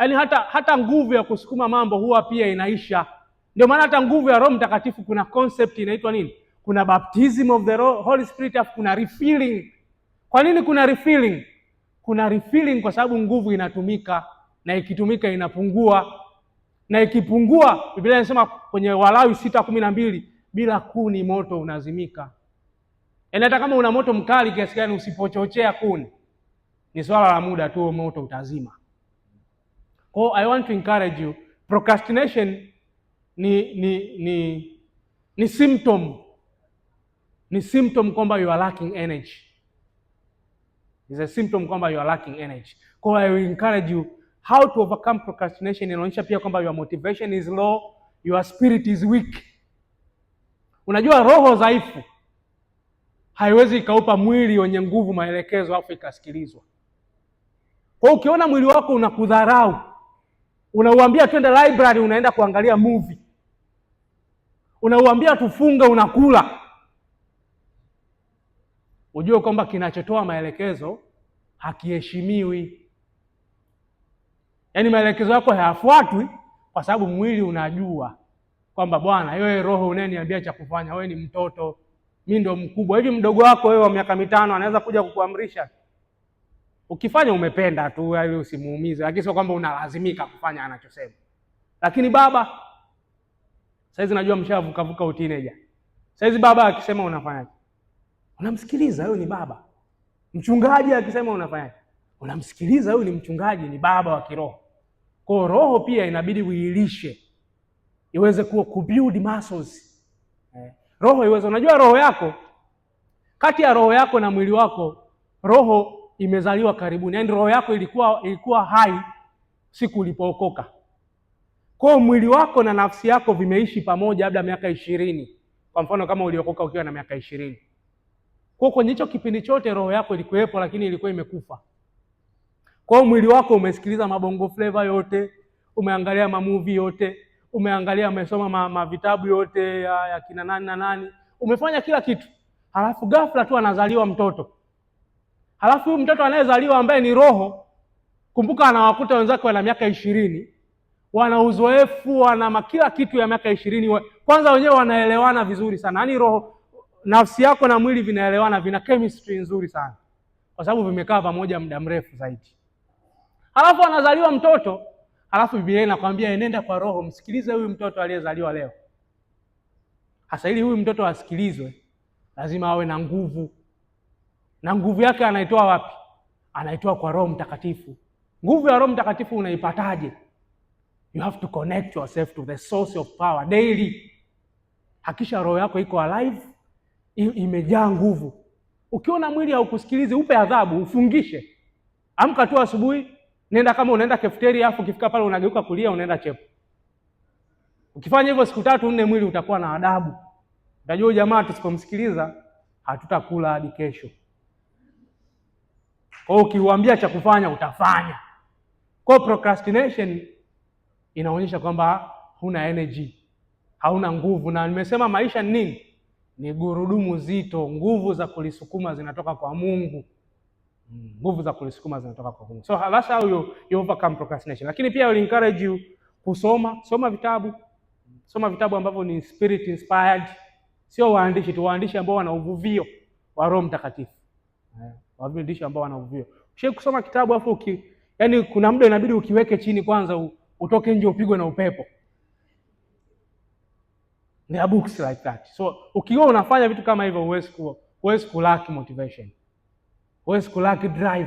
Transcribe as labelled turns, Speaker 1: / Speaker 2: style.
Speaker 1: yaani hata hata nguvu ya kusukuma mambo huwa pia inaisha. Ndio maana hata nguvu ya Roho Mtakatifu kuna concept inaitwa nini? Kuna baptism of the Holy Spirit, afu kuna refilling. Kwa nini kuna refilling? Kuna refilling kwa sababu nguvu inatumika, na ikitumika inapungua, na ikipungua, Biblia inasema kwenye Walawi sita kumi na mbili bila kuni moto unazimika. Yaani hata kama una moto mkali kiasi gani, usipochochea kuni, ni swala la muda tu, moto utazima. Oh, I want to encourage you, procrastination ni ni ni ni symptom, ni symptom kwamba you are lacking energy. Is a symptom kwamba you are lacking energy. Kwa I will encourage you how to overcome procrastination. Inaonyesha pia kwamba your motivation is low, your spirit is weak. Unajua roho dhaifu haiwezi ikaupa mwili wenye nguvu maelekezo afu ikasikilizwa. Kwa ukiona mwili wako unakudharau Unauambia twende library, unaenda kuangalia movie. Unauambia tufunge, unakula. Ujue kwamba kinachotoa maelekezo hakiheshimiwi. Yaani maelekezo yako hayafuatwi kwa sababu mwili unajua kwamba bwana, wewe roho unayeniambia cha kufanya, wewe ni mtoto, mi ndo mkubwa. Hivi mdogo wako wewe wa miaka mitano anaweza kuja kukuamrisha Ukifanya umependa tu, ili yaani usimuumize, lakini sio kwamba unalazimika kufanya anachosema. Lakini baba saizi najua mshavukavuka utineja, saizi baba akisema unafanyaje? Unamsikiliza, huyu ni baba. Mchungaji akisema unafanyaje? Unamsikiliza, huyu ni mchungaji, ni baba wa kiroho. Kwa roho pia inabidi uilishe iweze kuwa kubuild muscles eh. Roho iweze, unajua roho yako, kati ya roho yako na mwili wako, roho imezaliwa karibuni, yaani roho yako ilikuwa ilikuwa hai siku ulipookoka. Kwa mwili wako na nafsi yako vimeishi pamoja labda miaka ishirini, kwa mfano kama uliokoka ukiwa na miaka ishirini. Kwa kwenye hicho kipindi chote roho yako ilikuwepo, lakini ilikuwa imekufa. Kwa mwili wako umesikiliza mabongo fleva yote, umeangalia mamuvi yote, umeangalia umesoma ma, ma vitabu yote ya, ya kina nani na nani, umefanya kila kitu, halafu ghafla tu anazaliwa mtoto Halafu huyu mtoto anayezaliwa ambaye ni roho, kumbuka, anawakuta wenzake wana miaka ishirini, wana uzoefu, wana makila kitu ya miaka ishirini. Kwanza wenyewe wanaelewana vizuri sana, yaani roho, nafsi yako na mwili vinaelewana, vina chemistry nzuri sana, kwa sababu vimekaa pamoja muda mrefu zaidi. Halafu anazaliwa mtoto, halafu Biblia inakwambia enenda kwa roho, msikilize huyu mtoto aliyezaliwa leo. Hasa ili huyu mtoto asikilizwe, lazima awe na nguvu na nguvu yake anaitoa wapi? Anaitoa kwa Roho Mtakatifu. Nguvu ya Roho Mtakatifu unaipataje? You have to connect yourself to the source of power daily. Hakisha roho yako iko alive, imejaa nguvu. Ukiona mwili haukusikilizi, upe adhabu, ufungishe. Amka tu asubuhi, nenda kama unaenda kafeteria, afu ukifika pale unageuka kulia, unaenda chepo. Ukifanya hivyo siku tatu nne, mwili utakuwa na adabu. Utajua jamaa, tusipomsikiliza hatutakula hadi kesho. Kwa hiyo cha kufanya utafanya. Kwa procrastination inaonyesha kwamba huna energy, hauna nguvu, na nimesema maisha ni nini? Ni gurudumu zito, nguvu za kulisukuma zinatoka kwa Mungu. Nguvu za kulisukuma zinatoka kwa Mungu. So that's how you, you overcome procrastination. Lakini pia will encourage you kusoma, soma vitabu. Soma vitabu ambavyo ni spirit inspired. Sio waandishi tu, waandishi ambao wana uvuvio wa Roho Mtakatifu wavuvi ndicho ambao wana uvuvio. Ushai kusoma kitabu afu uki, yani kuna muda inabidi ukiweke chini kwanza, utoke nje upigwe na upepo. There are books like that. So ukiwa unafanya vitu kama hivyo, huwezi kulaki motivation, huwezi kulaki drive.